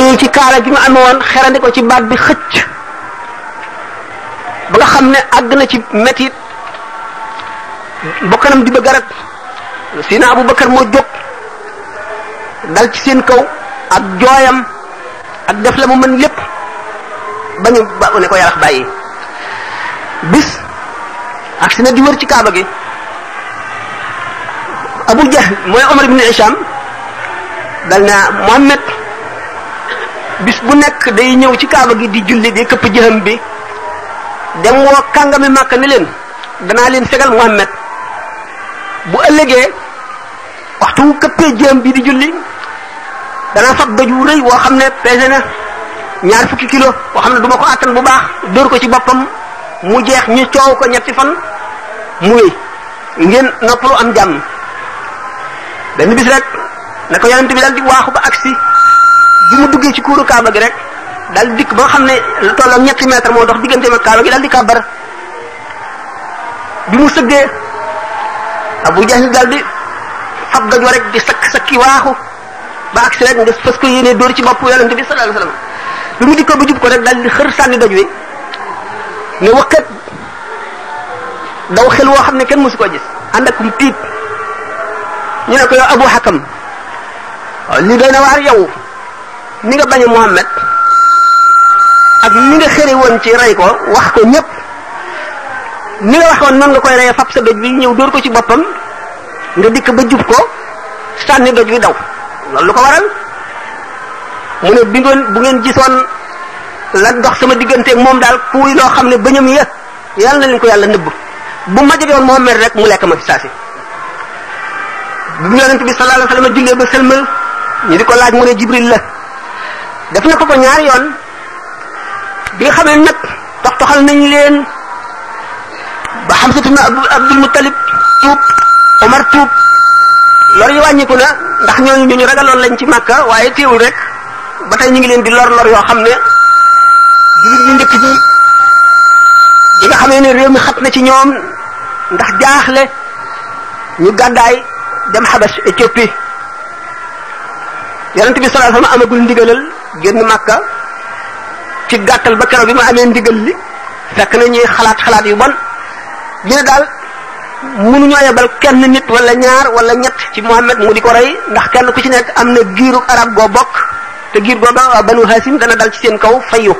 ñëw ci kaala gi mu amee woon ko ci baat bi xëcc ba nga xam ne àgg na ci metit bokkanam di garab a rek sina Abubakar moo jóg dal ci seen kaw ak jooyam ak def la mu mën lépp ba ñu ba ne ko yarax bàyyi bis ak si na di ci kaaba gi Abu Jahl mooy Omar ibn Hisham dal na Muhammad bis bu nek day ñew ci kaaba gi di julli di këpp jeham bi dem wo kangami makka ni len dana len fegal muhammad bu ëllëgee waxtu wu jeham bi di julli dana fat doj wu rëy woo xam ne ñaar fukki kilo wo xamne duma ko atal bu baax door ko ci bopam mu jeex ñu ciow ko ñetti fan mu wéy ngeen noppalu am jàmm benn bis rek nako dal di waxu ba aksi bi mu duggee ci kuuru kaaba gi rek daal dikk ba xam ne lu toll ak ñetti mètre moo dox digganteem ak kaaba gi daal di kàbbar bi mu sëggee Abu Jahl daal di fab gaj wa rek sakki waaxu ba agsi rek nga fës ko yéenee ci bopp yonente bi sallallahu alayhi wasallam bi mu dikkoo ba jub ko rek daal di xër sànni doj wi ne waqat daw xel woo xam ne kenn mësu koo gis ànd ak ñu ne ko yo Abu Hakam lii doy waar yow mi nga bañe muhammad ak mi nga xéré won ci ray ko wax ko ñepp ni nga waxon non nga koy ray fab sa doj bi ñew door ko ci bopam nga dik ba jup ko sanni doj bi daw lolou ko waral mu ne bi ngeen bu ngeen gisoon la dox sama digënté mom dal kuy lo xamné bañam ya yalla na leen ko yalla neub bu ma jëgë won mohammed rek mu lek ma ci sasi bu ñu yonent bi sallallahu alayhi wasallam julé ba selmal ñi diko laaj mu ne jibril la def na ko ko ñaari yoon bi xam xamee nag tox toxal nañ leen ba Hamsatu na Abdul Muttalib tuub Omar tuub lor yi wàññiku na ndax ñooñu ñu ñu lañ ci Makka waaye teewul rek ba tey ñu ngi leen di lor lor yoo xam ne jullit ñu njëkk ne réew mi xat na ci ñoom ndax jaaxle ñu gàddaay dem Xabas Éthiopie yonent bi sallallahu alayhi wa sallam amagul ndigalal génn màkka ci gàttal ba keroog bi ma amee ndigal li fekk na xalaat xalaat yu bon ñu ne daal mënuñoo yebal kenn nit wala ñaar wala ñett ci Muhammad mu di ko rey ndax kenn ku ci nekk am na giiru arab goo bokk te giir googa waa banu dana dal ci seen kaw fayu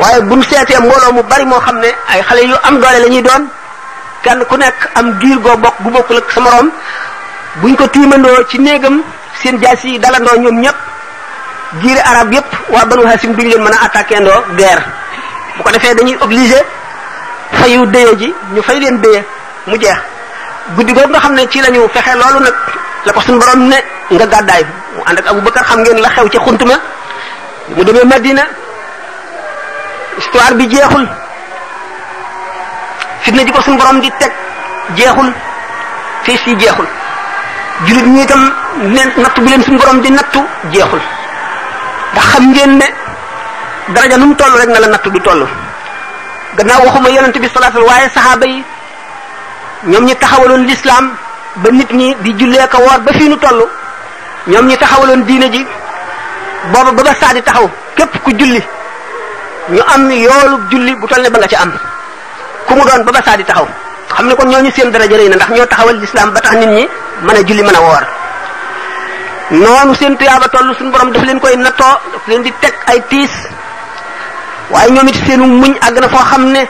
waaye buñ seetee mbooloo mu bari moo xam ne ay xale yu am doole la doon kenn ku nekk am giir goo bokk gu bokkul ak sa moroom buñ ko tiimandoo ci néegam seen jaas yi dalandoo ñoom ñëpp jiiri arab yépp waa banu hasim duñu leen mën a attaqué ndoo guerre bu ko defee dañuy obligé fayu déye ji ñu fay leen déye mu jeex guddi googu nga xam ne ci la ñu fexe loolu nag la ko suñu borom ne nga gàddaay mu ànd ak Abubakar xam ngeen la xew ci xuntuma mu demee Madina histoire bi jeexul fitna ji ko suñu borom di teg jeexul fiis fii jeexul jullit ñuy itam leen nattu bi leen suñu borom di nattu jeexul ndax xam ngeen ne daraja nu mu toll rek na la natt du toll gannaaw waxuma yonent bi salaatal waaye saxaaba yi ñoom ñi taxawaloon lislaam ba nit ñi di jullee ko woor ba fii nu toll ñoom ñi taxawaloon diine ji booba ba ba saa di taxaw képp ku julli ñu am yoolu julli bu toll ne ba nga ci am ku mu doon ba ba saa taxaw xam ne kon ñu seen daraja rëy na ndax ñoo taxawal lislaam ba tax nit ñi mën a julli mën a woor noonu seen tuyaaba toll suñu borom daf leen koy nattoo daf leen di teg ay tiis waaye ñoom it seenu muñ àgg na foo xam ne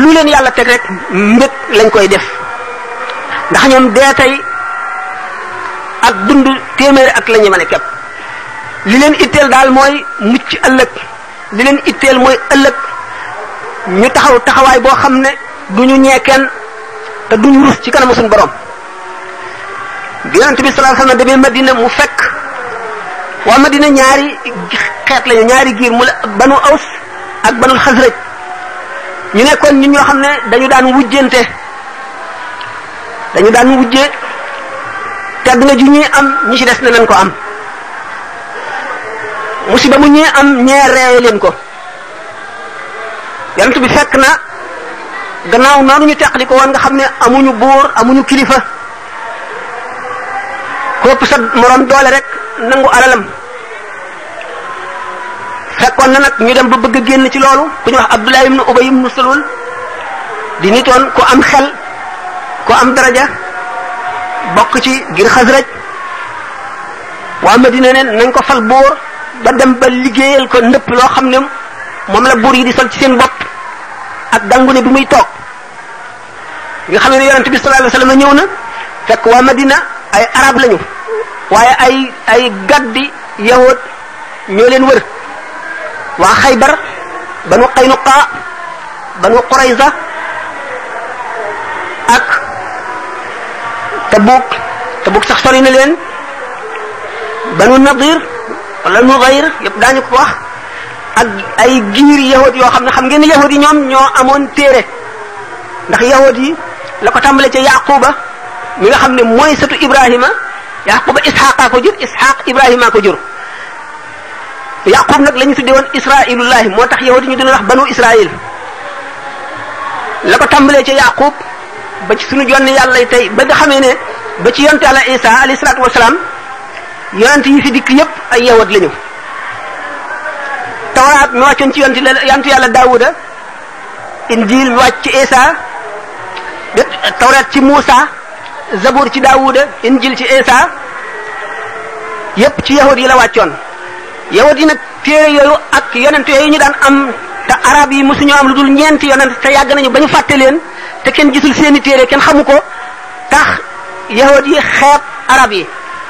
lu leen yàlla teg rek mbëg lañ koy def ndax ñoom dee tey ak dund téeméeri ak la ma mën a li leen itteel daal mooy mucc ëllëg li leen itteel mooy ëllëg ñu taxaw taxawaay boo xam ne du ñu ñee kenn te duñu rus ci kanamu suñ borom bi yonent bi sallallahu alayhi wasallam demee Madina mu fekk waa Madina ñaari xeet lañu ñaari giir mu la banu Aws ak banul Xasraj ñu nekkoon nit ñoo xam ne dañu daan wujjante dañu daan wujje tedd nga ju ñuy am ñi ci des na leen ko am musiba mu ñuy am ñee reeye leen ko yonent bi fekk na gannaaw noonu ñu teqli ko woon nga xam ne amuñu buur amuñu kilifa kopp sa morom doole rek nangu alalam fekkoon na nag ñu dem ba bëgg a génn ci loolu ku ñu wax Abdullah ibnu Ubay ibnu Salul di nitoon ku am xel ku am daraja bokk ci ngir Xasraj waa Madina ne nañ ko fal buur ba dem ba liggéeyal ko ndëpp loo xam ne moom la buur yi di sol ci seen bopp ak dangu ne bi muy toog nga xam ne yonent bi sallallahu alayhi wasallam ñëw na fekk waa Madina ay arab lañu waaye ay ay gaddi yahood ñoo leen wër waa xaybar banu qaynuqa banu qurayza ak tabuk tabuk sax sori na leen banu nadir wala nudayr yëpp daañu ko wax ay giir yahood yoo xam ne xam ngeen ne yi ñoom ñoo amoon téere ndax yahood yi la ko tàmbale ca yaquba mi nga xam ne mooy sëtu ibrahima yaquba isxaqa ko jur isxaq ibrahima ko jur yaqub nag la ñu tudde woon moo tax yahudi ñu doon wax banu israil la ko tàmbalee ci yaqub ba ci sunu jonni yàlla tey ba nga xamee ne ba ci yonte àla isa alayhi salaatu wasalaam yonent yi fi dikk yépp ay yahud lañu tawraat mi wàccoon ci yonti yontu yàlla daawuda injil mi wàcc ci isa tawraat ci muusa zabur ci daawuda injil ci isa yépp ci yahud yi la wàccoon yahud yi nag téere yooyu ak yonent yooyu ñu daan am te arab yi mosuñoo am lu dul ñeenti yonent te yàgg nañu ba ñu fàtte leen te kenn gisul seeni téere kenn xamu ko tax yahud yi xeeb arab yi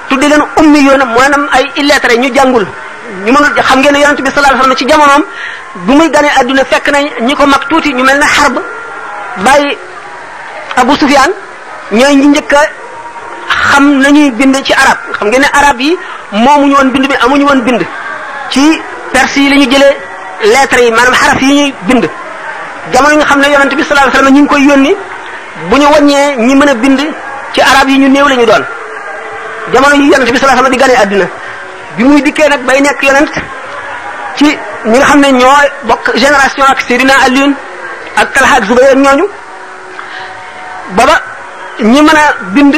tudde leen ummi yoona maanaam ay illettré ñu jàngul ñu mënul xam ngeen ne yonent bi sallallahu alayhi wasallam ci jamonoom bu muy ganee adduna fekk na ñi ko mag tuuti ñu mel na xarb bàyyi Abu Sufyaan ñooy ñi njëkk xam nañuy bind ci arab xam ngeen ne arab yi moomuñu woon bind bi amuñu woon bind ci perse yi la ñu jëlee lettres yi maanaam xaraf yi ñuy bind jamono nga xam ne yonent bi sallallahu alayhi wasallam ñu ngi koy yónni bu ñu wàññee ñi mën a bind ci arab yi ñu néew la doon jamono yi yonent bi sallallahu alayhi wasallam di ganee àddina bi muy dikkee nag bay nekk yonent ci ñu nga xam ne ñoo bokk génération ak Seydina Alioune ak Talha ak Zubayr ñooñu baba ñi mën a bind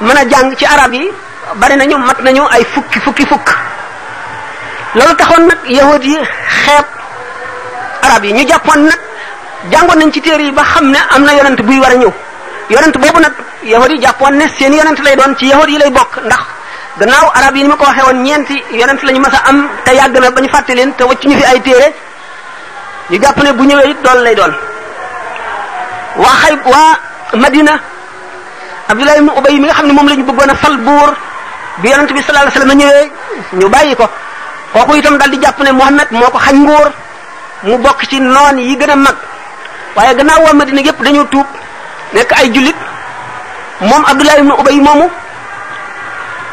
mën a jàng ci arab yi bari nañu mat nañu ay fukki fukki fukk loolu taxoon nag yahud yi xeeb arab yi ñu jàppoon nag jàngoon nañ ci téere yi ba xam ne am na yonent buy war a ñëw yonent boobu nag yahud yi jàppoon ne seen yonent lay doon ci yahud yi lay bokk ndax gannaaw arab yi ma ko waxee woon ñeenti yonent lañu mas am te yàgg na ba ñu fàtte leen te waccuñu fi ay téere ñu jàpp ne bu ñëwee it doon lay doon waa xay waa madina Abdullah ibn Ubay mi nga xam ne moom la ñu bëggoon a fal buur bi yonent bi sallallahu alayhi wasallam ñëwee ñu bàyyi ko kooku itam daal di jàpp ne Muhammad moo ko xañ nguur mu bokk ci noon yi gën a mag waaye gannaaw waa Madina yépp dañoo tuub nekk ay jullit moom Abdullah ibn Ubay moomu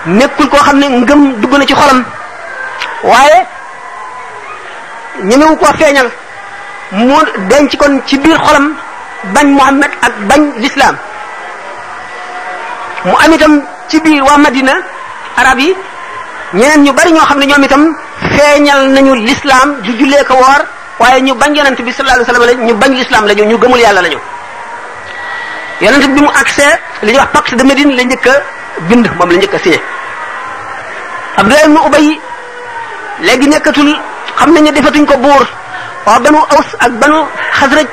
nekkul koo xam ne ngëm dugg na ci xolam waaye ñemewu ko feeñal mu denc kon ci biir xolam bañ Muhammad ak bañ lislaam mu am ci biir waa Madina arab yi ñeneen ñu bari ñoo xam ne ñoom itam feeñal nañu lislaam di jullee ko woor waaye ñu bañ yonent bi sallallahu alayhi wasallam la ñu bañ lislaam lañu ñu gëmul yàlla lañu yonent bi mu accès li ñuy wax pacte de Médine la njëkk bind moom la njëkk a signé Abdullah nekkatul xam nañu defatuñ ko buur waa banu Aws ak banu Xasraj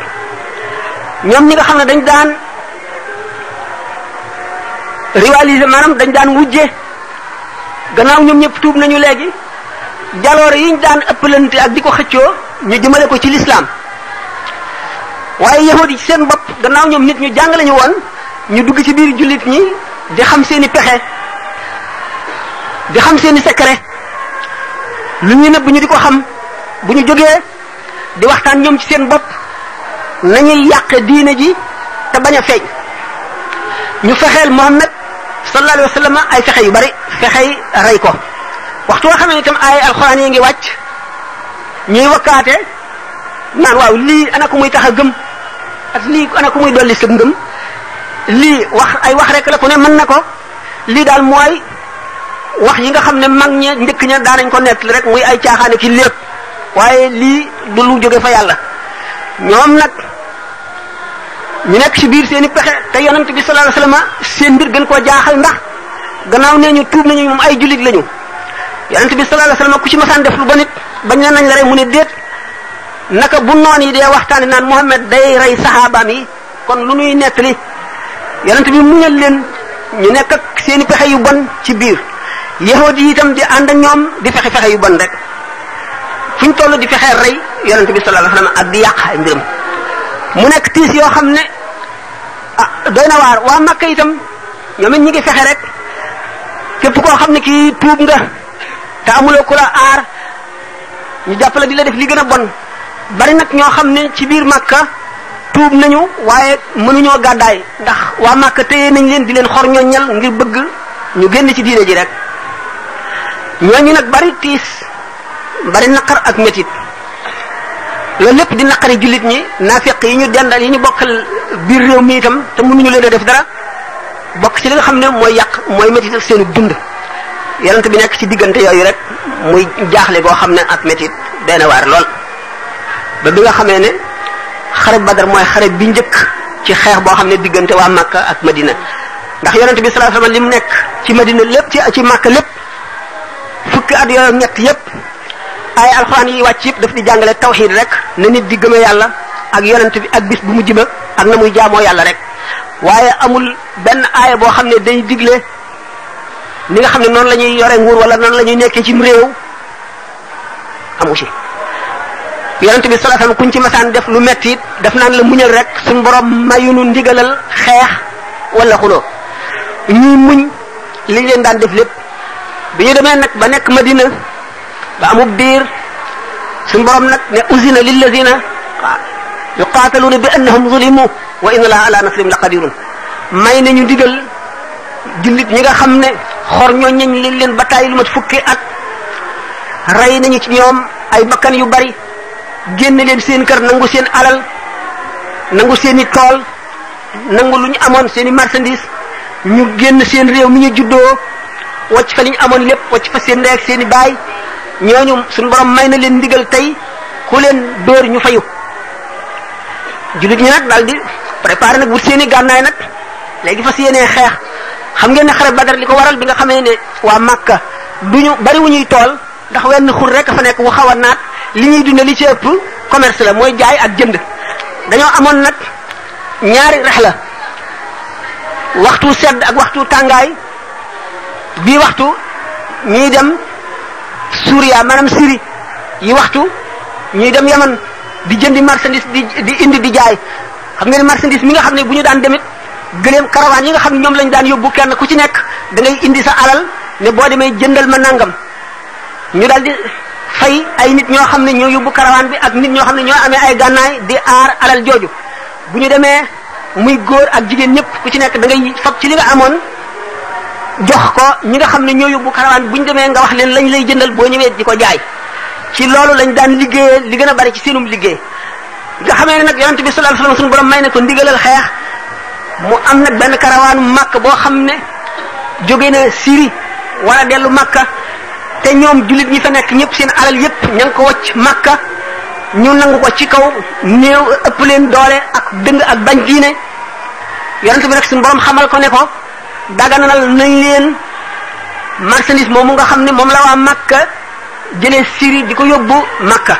ñoom ñi nga xam ne dañ daan rivaliser maanaam dañ daan wujje gannaaw ñoom ñëpp tuub nañu léegi jaloore yi ñu daan ëppalante ak di ko xëccoo ñu jëmale ko ci lislaam waaye yahud yi seen bopp gannaaw ñoom nit ñu jàng lañu woon ñu dugg ci biir jullit ñi di xam seeni pexe di xam seeni secret lu ñu nëbb ñu di ko xam bu ñu jógee di waxtaan ñoom ci seen bopp nañuy yàq diine ji te bañ a feeñ ñu fexeel Muhammad sallallahu alayhi wa ay fexe yu bari fexey rey ko waxtu woo xam ne itam ay alxuraan yi ngi wàcc ñuy wakkaate naan waaw lii ana ku muy tax a gëm ak lii ana ku muy dolli sa ngëm lii wax ay wax rek la ku ne mën na ko lii daal mooy wax yi nga xam ne mag ña njëkk ña daanañ ko nekk rek muy ay caaxaane ki lépp waaye lii du lu jóge fa yàlla ñoom nag ñu nekk ci biir seen i pexe te yonent bi sallallahu alayhi wasallam seen mbir gën koo jaaxal ndax gannaaw nee ñu tuub nañu moom ay jullit lañu yonent bi sallallahu alayhi wasallam ku ci masaan def lu ba nit bañ ne nañ la rey mu ne déet naka bu noon yi dee waxtaane naan Muhammad day rey saxaabaam yi kon lu nuy nettali yonent bi muñal leen ñu nekk seeni seen pexe yu bon ci biir yahudi yi itam di ànd ak ñoom di fexe fexe yu bon rek fu ñu toll di fexee rey yonent bi sallallahu alayhi wasallam di yàq ay mbiram mu nekk tiis yoo xam ne ah doy na waar waa Makka itam ñoom it ñu ngi fexe rek képp koo xam ne kii tuub nga te amuloo ku la aar ñu jàppale di la def li gën a bon bari nag ñoo xam ne ci biir Makka tuub nañu waaye mënuñoo gàddaay ndax waa Makka téye nañ leen di leen xor ñoññal ngir bëgg ñu génn ci diine ji rek ñoo ñooñu nag bari tiis bari naqar ak métit loolu lépp di naqari jullit ñi naafeq yi ñu dendal yi ñu bokkal biir réew mi itam te ñu leen a def dara bokk ci la nga xam ne mooy yàq mooy métit seenu dund yonent bi nekk ci diggante yooyu rek muy jaaxle boo xam ne ak métit day lool ba bi nga xamee ne xare badar mooy xare bi njëkk ci xeex boo xam ne diggante waa Makka ak Madina ndax yonent bi sallallahu li mu nekk ci Madina lépp ci ci Makka lépp fukki at yooyu ñett yépp ay alxuraan yi wàcc yëpp daf di jàngale tawxiid rek na nit di gëme yàlla ak yonent bi ak bis bu mujj ba ak na muy jaamoo yàlla rek waaye amul benn aaya boo xam ne day digle ni nga xam ne noonu lañuy yore nguur walla noonu lañuy nekkee ci réew amu ci yonent bi sallallahu alayhi kuñ ci masaan def lu metti it daf naan la muñal rek suñ borom mayunu ndigalal xeex wala xuloo ñuy muñ li leen daan def lépp bi ñu demee nag ba nekk Madina ba amub diir suñu borom nag ne usina lillazina yuqaataluuna bi annahum zulimu wa inna laa ala nasrihim la qadirun may nañu digal jullit ñi nga xam ne xor ñoo ñañ liñ leen bataay lu mat fukki at rey nañu ci ñoom ay bakkan yu bari génn leen seen kër nangu seen alal nangu seen i tool nangu lu ñu amoon seen i marchandise ñu génn seen réew mi ñu juddoo wàcc fa li amoon lépp wàcc fa seen ndey seen baay ñooñu suñu borom may na leen ndigal tey ku leen dóor ñu fayu jullit ñi nag daal di préparé nag wut seen i gànnaay nag léegi fas yéenee xeex xam ngeen ne xare badar li ko waral bi nga xamee ne waa Màkka du bari wu ñuy tool ndax wenn xur rek fa nekk wu xaw a naat li ñuy dund li ci ëpp commerce la mooy jaay ak jënd dañoo amoon nag ñaari rex la waxtu sedd ak waxtu tàngaay bii waxtu ñuy dem. Suuriya maanaam Syrie yi waxtu ñuy dem Yaman di jëndi marchandise di di indi di jaay xam ngeen marchandise mi nga xam ne bu ñu daan demit gëleem caravane yi nga xam ne ñoom lañu daan yóbbu kenn ku ci nekk dangay indi sa alal ne boo demee jëndal ma nangam ñu daal di fay ay nit ñoo xam ne ñoo yóbbu caravane bi ak nit ñoo xam ne ñoo amee ay gànnaay di aar alal jooju bu ñu demee muy góor ak jigéen ñëpp ku ci nekk da ngay fab ci li nga amoon jox ko ñi nga xam ne ñoo yóbbu karawaan bu ñu demee nga wax leen lañ lay jëndal boo ñëwee di ko jaay ci loolu lañ daan liggéeyee li gën a bari ci seenum liggéey nga xamee ne nag yonent bi sallallahu alayhi wasallam suñu borom may na ko mu am nag benn karawaanu màkk boo xam ne jóge na Syrie war dellu màkka te ñoom jullit ñi fa nekk ñëpp seen alal yëpp ña ko wacc màkka ñu nangu ko ci kaw néew ëpp leen doole ak dëng ak bañ diine yonent bi nag suñu borom xamal ko ne ko daganal nañ leen marchandise moomu nga xam ne moom la waa Makka jëlee siri di ko yóbbu Makka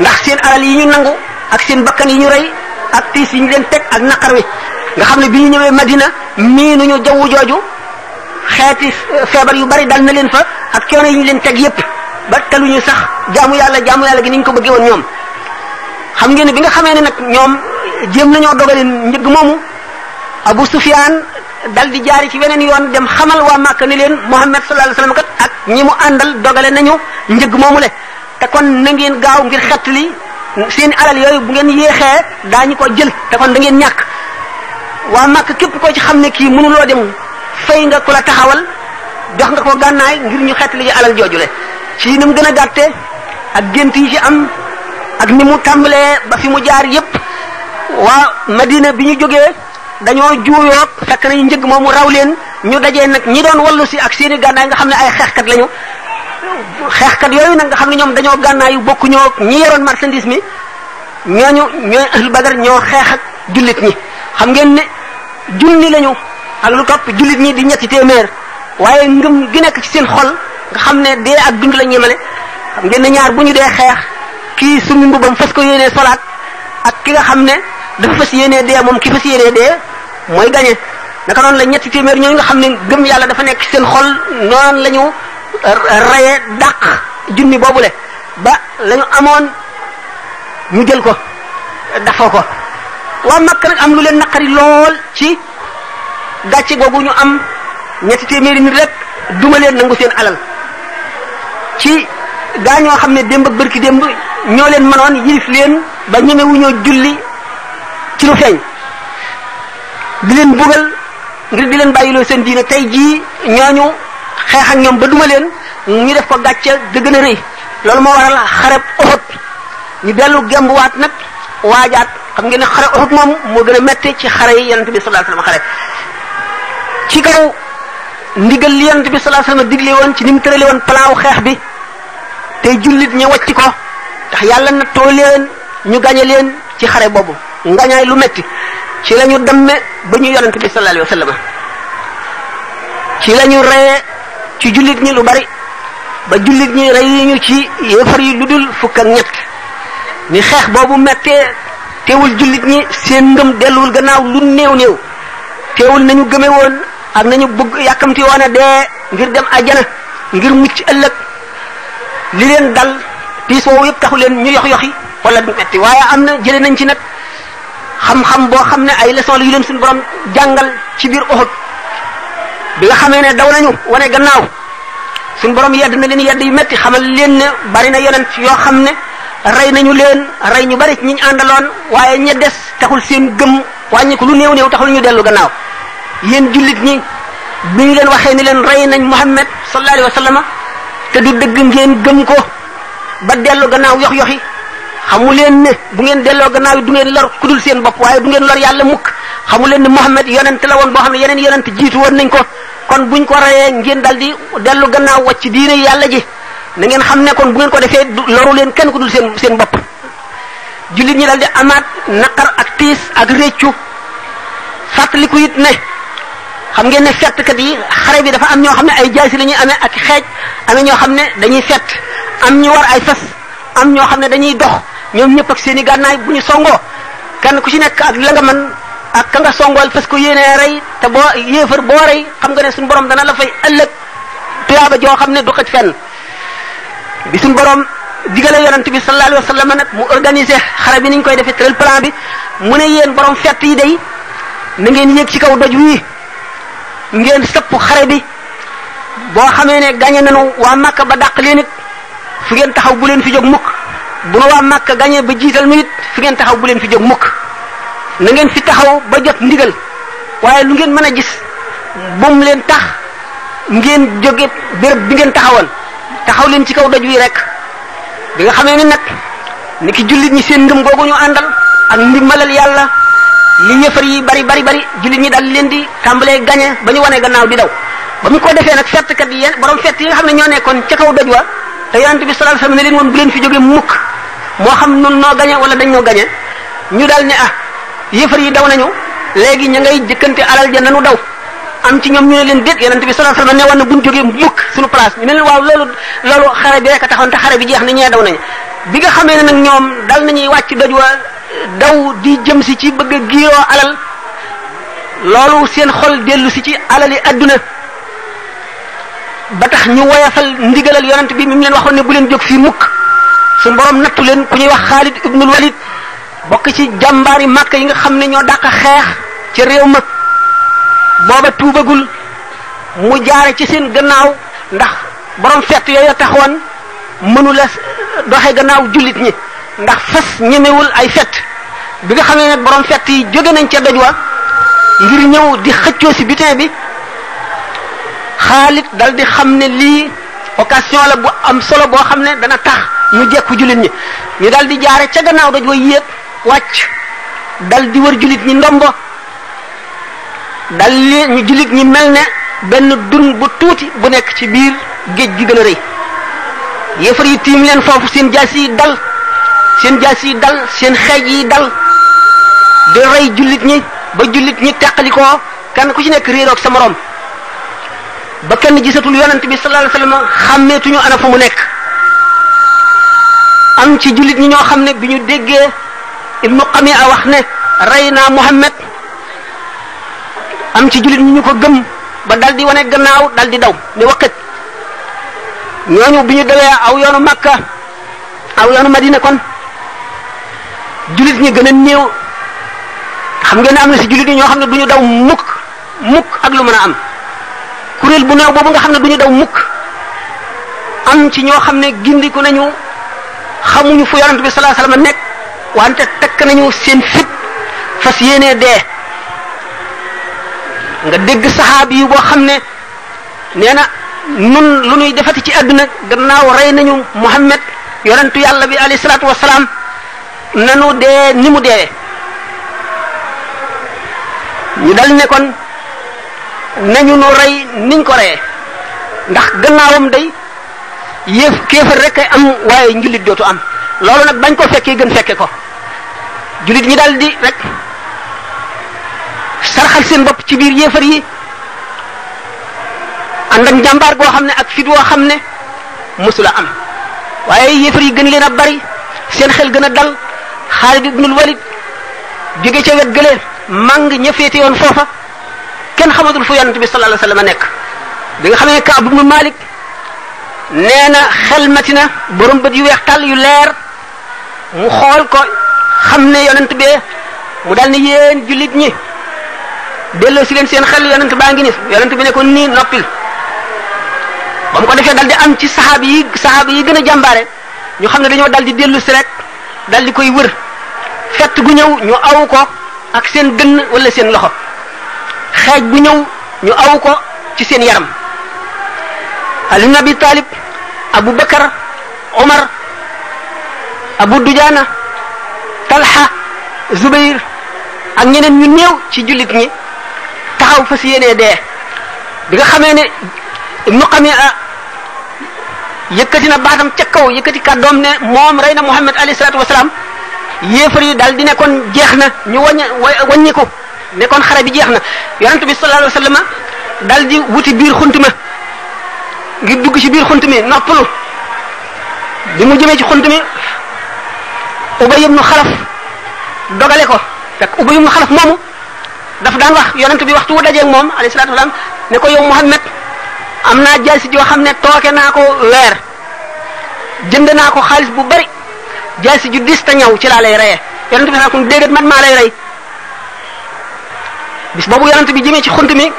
ndax seen alal yi ñu nangu ak seen bakkan yi ñu rey ak tiis yi ñu leen teg ak naqar wi nga xam ne bi ñu ñëwee Madina miinuñu jawwu jooju xeeti feebar yu bari dal na leen fa ak coono yi ñu leen teg yépp ba ñu sax jaamu yàlla jaamu yàlla gi niñ ko bëggee woon ñoom xam ngeen bi nga xamee ne nag ñoom jéem nañoo dogale njëg moomu Abu Sufyaan dal di jaari ci weneen yoon dem xamal waa Màkka ni leen Muhammad sallallahu alayhi wasallam kat ak ñi mu àndal dogale nañu njëg moomu le te kon na ngeen gaaw ngir xettali seen alal yooyu bu ngeen yéexee daañu ko jël te kon da ngeen ñàkk waa Màkka képp koo ci xam ne kii mënuloo dem fay nga ku la taxawal jox nga ko gànnaay ngir ñu xettali ji alal jooju le ci ni mu gën a gàtte ak gént yi ci am ak ni mu tàmbalee ba fi mu jaar yépp waa Madina bi ñu jógee dañoo juuyoog fekk nañu njëg moomu raw leen ñu dajee nag ñi doon wallu si ak seeni gànnaay nga xam ne ay xeexkat lañu xeexkat yooyu nag nga xam ne ñoom dañoo gànnaay yu bokku ñoo ñi yoroon marchandise mi ñooñu ñooy ahlu badar ñoo xeex ak jullit ñi xam ngeen ne junni lañu ak lu topp jullit ñi di ñetti téeméer waaye ngëm gi nekk ci seen xol nga xam ne dee ak dund la ñuy male xam ngeen ne ñaar bu ñu dee xeex kii sumi mbubam fas ko yéenee solaat ak ki nga xam ne dafa fas yéenee dee moom ki fas yéenee dee mooy gañe naka noonu la ñetti téeméer ñooñu nga xam ne gëm yàlla dafa nekk seen xol noonu la ñu euh, reye dàq junni boobule ba la amoon ñu jël ko dafa ko waa Makka nag am lu leen naqari lool ci gàcce googu ñu am ñetti téeméeri nit rek duma leen nangu seen alal ci gaa ñoo xam ne démb ak bërki démb ñoo leen mënoon yilif leen ba ñemewuñoo julli ci lu feeñ di leen bugal ngir di leen bàyyiloo seen diine tey jii ñooñu xeex ak ñoom ba duma leen ñu def ko gàcce de gën a rëy loolu moo waral xareb uxut ñu dellu gembuwaat nag waajaat xam ngeen ne xare uxut moom moo gën a metti ci xare yi yonente bi salaa sallam xare ci kaw ndigal li yonente bi sallallahu salaa sallam digle woon ci nim mu tërale woon plan xeex bi tey jullit ñi wacc ko tax yàlla na too leen ñu gañe leen ci xare boobu ngañaay lu metti ci lañu ñu ba ñu yonent bi sallallahu alayhi ci lañu ñu reye ci jullit ñi lu bari ba jullit ñi rey ñu ci yéefar yi lu dul fukk ak ñett ni xeex boobu mettee teewul jullit ñi seen ngëm delluwul gannaaw lu néew néew teewul nañu gëme woon ak nañu bëgg yàkkamti woon a dee ngir dem ajjana ngir mucc ëllëg li leen dal tiis woowu yëpp taxu leen ñu yox yoxi wala metti waaye am na jële nañ ci nag xam-xam boo xam ne ay lesol yu leen suñ borom jàngal ci biir Uhud bi nga xamee ne daw nañu wane gannaaw suñu borom yedd na leen yedd yu metti xamal leen ne bari na yonent yoo xam ne rey nañu leen rey ñu bari ñi ñu àndaloon waaye ña des taxul seen gëm wàññi ko lu néew néew taxul ñu dellu gannaaw yéen jullit ñi bi ñu leen waxee ni leen rey nañ Muhammad sallallahu alayhi wa sallam te du dëgg ngeen gëm ko ba dellu gannaaw yox yoxi xamu leen ne bu ngeen delloo gannaaw du ngeen lor kudul seen bopp waaye du ngeen lor yàlla mukk xamu leen ne Muhammad yonent la woon boo xam ne yeneen yonent jiitu woon nañ ko kon buñ ko rayee ngeen dal di dellu gannaaw wàcc diine yàlla ji na ngeen xam ne kon bu ngeen ko defee loru leen kenn kudul seen seen bopp. jullit ñi dal di amaat naqar ak tiis ak réccu fàttaliku it ne xam ngeen ne fettkat yi xare bi dafa am ñoo xam ne ay jaasi la ñuy amee ak xeej amee ñoo xam ne dañuy fett am ñu ay fas am ñoo xam ne dañuy dox. ñoom ñëpp ak seen i gànnaay bu ñu songoo kenn ku ci nekk ak la nga ak ka nga songool fas ko yéenee rey te boo yéefar boo rey xam nga ne suñ borom dana la fay ëllëg tuyaaba joo xam ne du xëj fenn bi suñu borom digale yonent bi sallallahu alayhi wa sallam nag mu bi ni koy defee tëral plan bi mu ne yéen borom fett yi day na ngeen yéeg ci kaw doj wii ngeen sëpp xare bi boo xamee ne gagné waa Makka ba dàq leen it fu ngeen taxaw bu leen fi jóg mukk bu wa makka màkk ba jital minute fi ngeen taxaw bu len fi jog mukk na ngeen fi taxaw ba jot ndigal waye lu ngeen meuna gis bum len tax ngeen jóge béréb bi ngeen taxawal taxaw len ci kaw doj wi rek bi nga xamee ni nag ni ñi seen ngëm gogu ñu andal ak malal yalla li ñeufar yi bari bari bari julit ñi dal len di tàmbalee gañe ba ñu wanee gannaaw di daw bam ko defé nak fet kat yi borom fet yi nga xam ne ñoo nekkoon ca kaw doj wa te bi sallallahu alayhi wasallam ne len won bu len fi jóge mukk moo xam nun noo gañe wala dañ noo gañe ñu daal ne ah yëfar yi daw nañu léegi ña ngay jëkkante alal ja nanu daw am ci ñoom ñu ne leen déet yonent bi sallallahu alayhi wasallam ne woon na buñ jógee mukk suñu place ñu ne leen waaw loolu xare bi rek a taxoon te xare bi jeex na ñee daw nañu bi nga xamee ne nag ñoom dal nañuy wàcc doj wa daw di jëm si ci bëgg a giiroo alal loolu seen xol dellu si ci alali adduna ba tax ñu woyafal ndigalal yonent bi mi mu leen waxoon ne bu leen jóg fi mukk su borom nattu leen ku ñuy wax Xaalid ibnul Walid bokk ci jàmbaari màkk yi nga xam ne ñoo dàq xeex ci réew mag booba tuubagul mu jaare ci seen gannaaw ndax borom fett yooyu taxawoon mënula doxe gannaaw jullit ñi ndax fas ñemewul ay fett bi nga xam ne nag borom fett yi jóge nañ ca doj wa ngir ñëw di xëccoo ci butin bi Xaalid dal di xam ne lii occasion la bu am solo boo xam ne dana tax ñu jekku jullit ñi ñu dal di jaare ca gannaaw doj wa yéeg wàcc dal di wër jullit ñi ndombo dal li ñu jullit ñi mel ne benn dun bu tuuti bu nekk ci biir géej gi gën a rëy yëfar yi tiim leen foofu seen jaas yi dal seen jaas yi dal seen xeej yi dal di rey jullit ñi ba jullit ñi teqalikoo kenn ku ci nekk réeroog sa morom ba kenn gisatul yonent bi sallallahu alayhi wasallam xàmmeetuñu ana fu mu nekk am ci jullit ñi ñoo xam ne bi ñu déggee ibnu Qami'a wax ne rey naa Muhammad am ci jullit ñi ñu ko gëm ba dal di wane gannaaw dal di daw ne waqit ñooñu bi ñu dawee aw yoonu Makka aw yoonu Madina kon jullit ñi gën a néew xam ngeen am na si jullit ñi ñoo xam ne du ñu daw mukk mukk ak lu mën a am kuréel bu new boobu nga xam ne du ñu daw mukk am ci ñoo xam ne gindiku nañu xamuñu fu yonent bi sallallahu alayhi wasallam nekk wante takk nañu seen fit fas yéenee dee nga dégg saxaab yi boo xam ne nee na nun lu ñuy defati ci àdduna gannaaw rey nañu Muhammad yonentu yàlla bi alayhi salaatu wasalaam nanu dee ni mu deewee ñu dal nekkoon nañu nu rey niñ ko reyee ndax gannaawam day yéef kéefar rek ay am waaye njullit dootu am loolu nag bañ ko fekkee gën fekke ko jullit ñi daal di rek sarxal seen bopp ci biir yéefar yi ànd ak njàmbaar goo xam ne ak fit woo xam ne mësula am waaye yéefar yi gën leen a bari seen xel gën a dal Xaalid ibnul Walid jóge ca wet gële màng ña féete yoon foofa kenn xamatul fu yonent bi sallallahu alayhi wa nekk bi nga xam ne Kaab ibnu Malik nee na xel mati na borom bët yu weex tàll yu leer mu xool ko xam ne yonent bee mu daal ni yéen jullit ñi delloo si leen seen xel yonent baa ngi ni yonent bi ne ko nii noppil ba mu ko defee dal di am ci saxaab yi saxaab yi gën a jàmbaare ñu xam ne dañoo dal di dellu si rek dal di koy wër fett gu ñëw ñu aw ko ak seen gën wala seen loxo xeej gu ñëw ñu aw ko ci seen yaram Ali ibn Abi Talib Abu Bakar Omar Abu Dujana Talha Zubair ak ñeneen ñu néew ci jullit ñi taxaw fas yéenee dee bi nga xamee ne ibnu Qami'a yëkkati na baatam ca kaw yëkkati kàddoom ne moom rey na Muhammad alayhi salaatu wasalaam yéefar yi daal di nekkoon jeex na ñu wàññi wàññi ko nekkoon xare bi jeex na yonent bi sallallahu alayhi wasallam di wuti biir xuntuma ngir dugg ci biir xunt mi noppalu bi mu jëmee ci xunt mi ubay ibnu xalaf dogale ko fekk ubay ibnu xalaf moomu daf daan wax yonent bi waxtu wu dajee ak moom alayhi salaatu wasalaam ne ko yow Muhammad am naa jaasi joo xam ne tooge naa ko weer jënd naa ko xaalis bu bari jaasi ju dis ta ñaw ci laa lay reyee yonent bi sax kon déedéet man maa lay rey bis boobu yonent bi jëmee ci xunt mi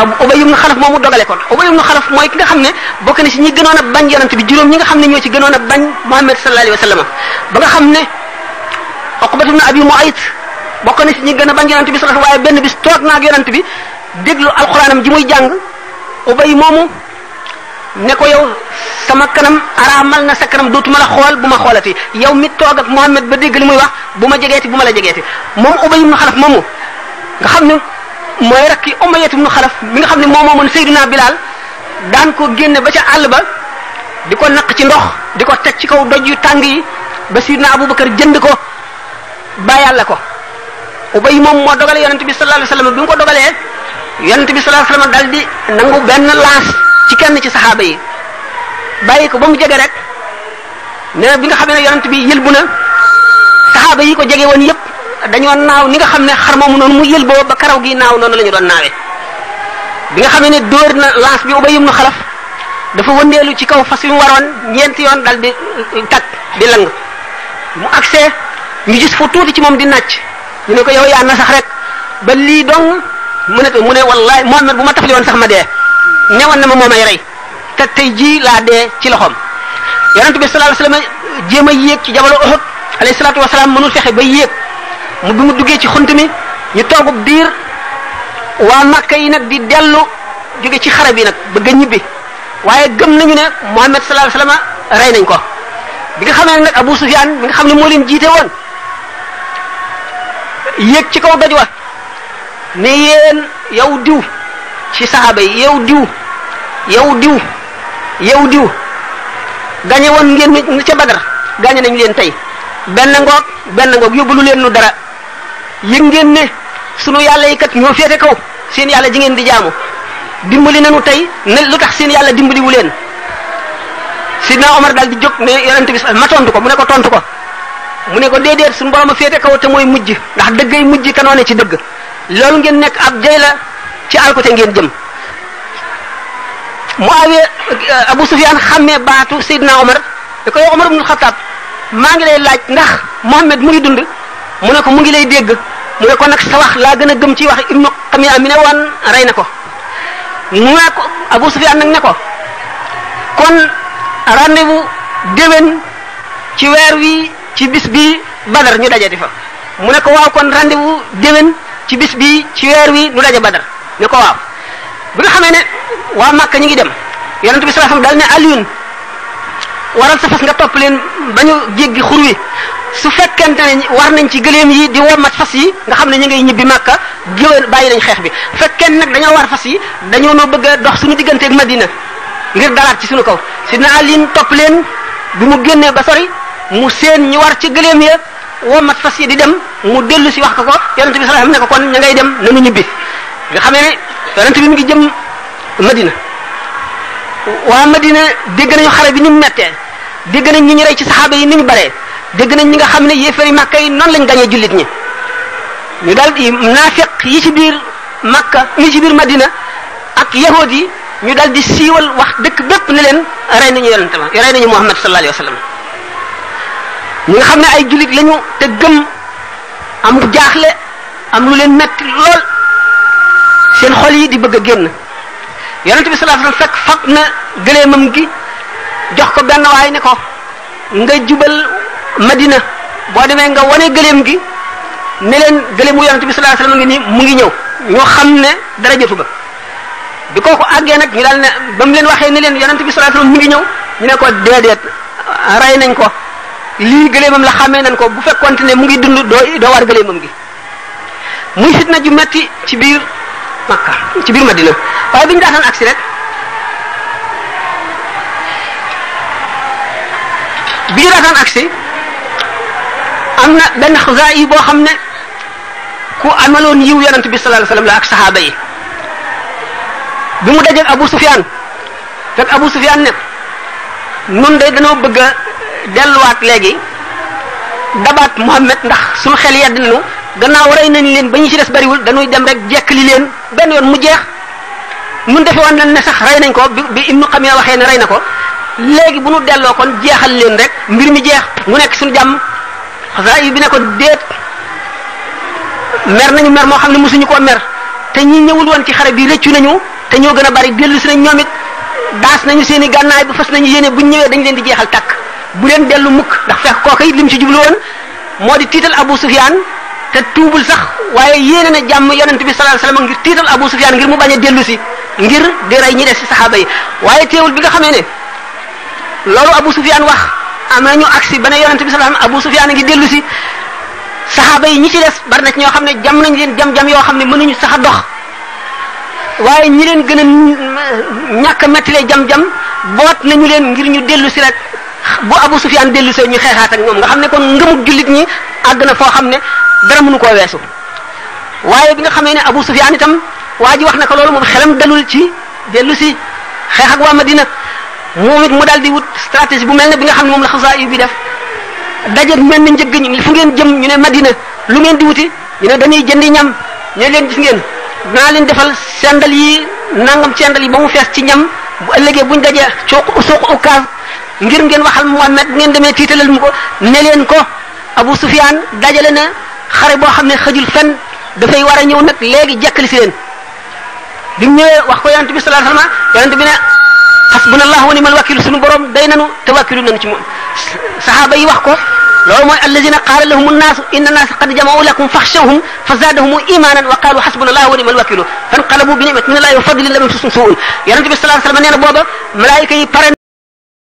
ab ubay ibnu xalaf moomu dogale kon ubay ibnu xalaf mooy ki nga xam ne bokk na si ñi gënoon a bañ yonent bi juróom ñi nga xam ne ñoo ci gënoon a bañ Muhammad sallallahu alayhi ba nga xam ne Uqbat ibnu Abi Muayt bokk na si ñi a bañ bi sallallahu waaye benn bis toog naag yonent bi déglu alxuraanam ne ko yow sama kanam araamal na sa kanam dootuma la xool bu ma xoolati yow mi toog ak Muhammad ba dégg li muy wax bu ma jegeeti bu ma la jegeeti moom ubay ibnu xalaf moomu nga xam ne mooy rakki Umayyat ibnu Xalaf mi nga xam ne moo moomoon bi Bilal daan ko génne ba ca àll ba di ko naq ci ndox di ko teg ci kaw doj yu tàng yi ba Seydina Abubakar jënd ko bàyyàlla ko Ubay moom moo dogale yonent bi sallallahu alayhi wasallam bi mu ko dogalee yonent bi sallallahu alayhi wasallam dal di nangu benn laas ci kenn ci saxaaba yi bàyyi ko ba mu jege rek nee na bi nga xam ne yonent bi yëlbu na saxaaba yi ko jege woon yépp nag dañoo naaw ni nga xam ne xar moomu noonu mu yël boo ba karaw gi naaw noonu la ñu doon naawee bi nga xam ne dóor na lance bi Ubay ibn Xalaf dafa wëndeelu ci kaw fas yu mu waroon ñeenti yoon dal di euh, tag di lang mu agsee ñu gis fu tuuti ci moom di nàcc ñu ne ko yow yaa na sax rek ba lii dong mu ne mu ne wallaay Muhammad bu ma tafali woon sax ma dee newoon na ma moo may rey te tey jii laa dee ci loxoom yonent bi sallallahu jéem a yéeg ci jabalu Uhud alayhi salaatu wasalaam mënul fexe ba yéeg mu bu mu duggee ci xunt mi ñu toogub diir waa Makka yi nag di dellu jóge ci xare bi nag bëgg a ñibbi waaye gëm nañu ne Muhammad sallallahu alayhi wasallam rey nañ ko bi nga xamee nag Abu Sufyan bi nga xam ne moo leen jiite woon yéeg ci kaw doj wa ne yéen yow diw ci saxaaba yi yow diw yow diw yow diw gañe woon ngeen ca Badar gañe nañ leen tey benn ngoog benn ngoog yóbbalu leen nu dara yëg ngeen ne sunu yàlla yi kat ñoo féete kaw seen yàlla ji ngeen di jaamu dimbali nañu tey ne lu tax seen yàlla dimbaliwu leen na Omar daal di jóg ne yonente bi ma tontu ko mu ne ko tontu ko mu ne ko déedéet suñu borom a féete kaw te mooy mujj ndax dëggay mujj kanoo ne ci dëgg loolu ngeen nekk ab jay la ci alkote ngeen jëm Muawiya euh, Abu Sufyaan xàmmee baatu sidna Omar da koy yow Omar ibnul Xattaab maa ngi lay laaj ndax Muhammad mu ngi dund mu ne ko mu ngi lay dégg mu ne ko nag laa gën a ci wax ibnu xamiya mi ne woon rey na ko mu ne ko Abu Sufyaan nag ne ko kon rendez-vous ci weer wi ci bis bi Badar ñu daje di fa mu ne ko waaw kon rendez-vous ci bis bi ci weer wi ñu daje Badar ne ko waaw bi nga xamee ne waa Màkka ñu ngi dem yonent bi sallallahu alayhi ne Aliyun waral sa fas nga topp leen ba ñu jéggi xur wi su fekkente ne war nañ ci gëléem yi di womat fas yi nga xam ne ñu ngay ñibbi màkka géwél bàyyi nañ xeex bi fekkeen nag dañoo war fas yi dañoo noo bëgg dox suñu digganteeg madina ngir dalaat ci suñu kaw sidna alin topp leen bi mu génnee ba sori mu seen ñu war ci gëléem ya womat fas yi di dem mu dellu si wax ko ko yonente bi sallallahu alayhi wasallam ne ko kon ña ngay dem nanu ñibbi nga xamee ne yonente bi mu ngi jëm madina waa madina dégg nañu xare bi ni mu mettee dégg nañ ñi ñu rey ci yi ni baree dégg nañ ñi nga xam ne yéefari màkka yi noonu lañ gañee jullit ñi ñu daal di naafiq yi ci biir màkka yi ci biir madina ak yahud yi ñu dal di siiwal wax dëkk bépp ne leen rey nañu yonente ba rey nañu muhammad sallallahu alayhi wa sallam nga xam ne ay jullit lañu te gëm am jaaxle am lu leen metti lool seen xol yi di bëgg a génn yonente bi sallallahu alayhi wa sallam fekk fab na gëleemam gi jox ko benn waay ne ko nga jubal madina bo demé nga wane gëlem gi len leen gëléemu yonante bi alayhi wasallam ngi ni mu ngi ñëw ño xamné dara jotu ba bi koku aggé nak ñu dal né bam mu leen waxee ne leen yonante bi alayhi wasallam mu ngi ñëw ñu né ko dédét ray nañ ko li gëlemam la xamé nañ ko bu fekkonté né mu ngi dund do do war gëlemam gi muy fitna ju metti ci biir makka ci biir madina way biñu daxal aksi rek bi ñu aksi am na benn xasaa yi boo xam ne ku amaloon yiw yonent bi sallallahu alayhi wasallam ak saxaaba yi bi mu dajeeg Abu Sufyaan fekk Abu Sufyaan ne nun de danoo bëgg a delluwaat léegi dabaat Muhammad ndax suñu xel yedd nañu gannaaw rey nañ leen ba ñu ci des bariwul dañuy dem rek jekk li leen benn yoon mu jeex mun defe woon nañ ne sax rey nañ ko bi bi Ibnu Xamiya waxee ne rey na ko léegi bu nu delloo kon jeexal leen rek mbir mi jeex mu nekk suñu jàmm xasaayid bi ne ko déet mer nañu mer moo xam ne mosuñu koo mer te ñi ñëwul woon ci xare bi rëccu nañu te ñoo gën a bari dellu si nañ ñoom it daas nañu seen i gànnaay bi fas nañu yéene bu ñëwee dañu leen di jeexal tàkk bu leen dellu mukk ndax fekk kooka it lim ci jublu woon moo di tiital Abu Sufyaan te tuubul sax waaye yéene na jàmm yonent bi sallallahu alayhi wasallam ngir tiital Abu Sufyaan ngir mu bañ a dellu si ngir di rey ñi des si saxaaba yi waaye teewul bi nga xamee ne loolu Abu Sufyaan wax am na ñu agsi ba ne yonente bi salaam Abu Sufyaan a ngi dellu si saxaaba yi ñi ci des bari na ñoo xam ne jam nañ leen jam-jam yoo xam ne mënuñu sax a dox waaye ñi leen gën a ñàkk a mettile jam-jam boot nañu leen ngir ñu dellu si rek boo Abu Sufyaan dellu see ñu xeexaat ak ñoom nga xam ne kon ngëmug jullit ñi àgg na foo xam ne dara mënu koo weesu waaye bi nga xamee ne Abu Sufyaan itam waa ji wax na ko loolu moom xelam dalul ci dellu si xeex ak waa moom mu daal di wut stratégie bu mel ne bi nga xam ne moom la xasaayid bi def daje mel ne njëgg ñi fu ngeen jëm ñu ne Madina lu ngeen di wuti ñu ne dañuy jëndi ñam ñu leen gis ngeen naa leen defal sendal yi nangam sendal yi ba mu fees ci ñam bu ëllëgee buñ dajee suuq suuq ukaas ngir ngeen waxal Muhammad ngeen demee tiitalal mu ko ne leen ko Abu Sufyaan dajale na xare boo xam ne xëjul fenn dafay war a ñëw nag léegi jekkali si leen bi mu wax ko yonent bi sallallahu bi ne حسبنا الله ونعم الوكيل سن بروم داي نانو تواكلو نانو سي صحابه يي واخكو لو موي الذين قال لهم الناس ان الناس قد جمعوا لكم فخشوهم فزادهم ايمانا وقالوا حسبنا الله ونعم الوكيل فانقلبوا بنعمه من الله وفضل لم يمسسهم سوء يا نبي صلى الله عليه وسلم نينا بوبا ملائكه يي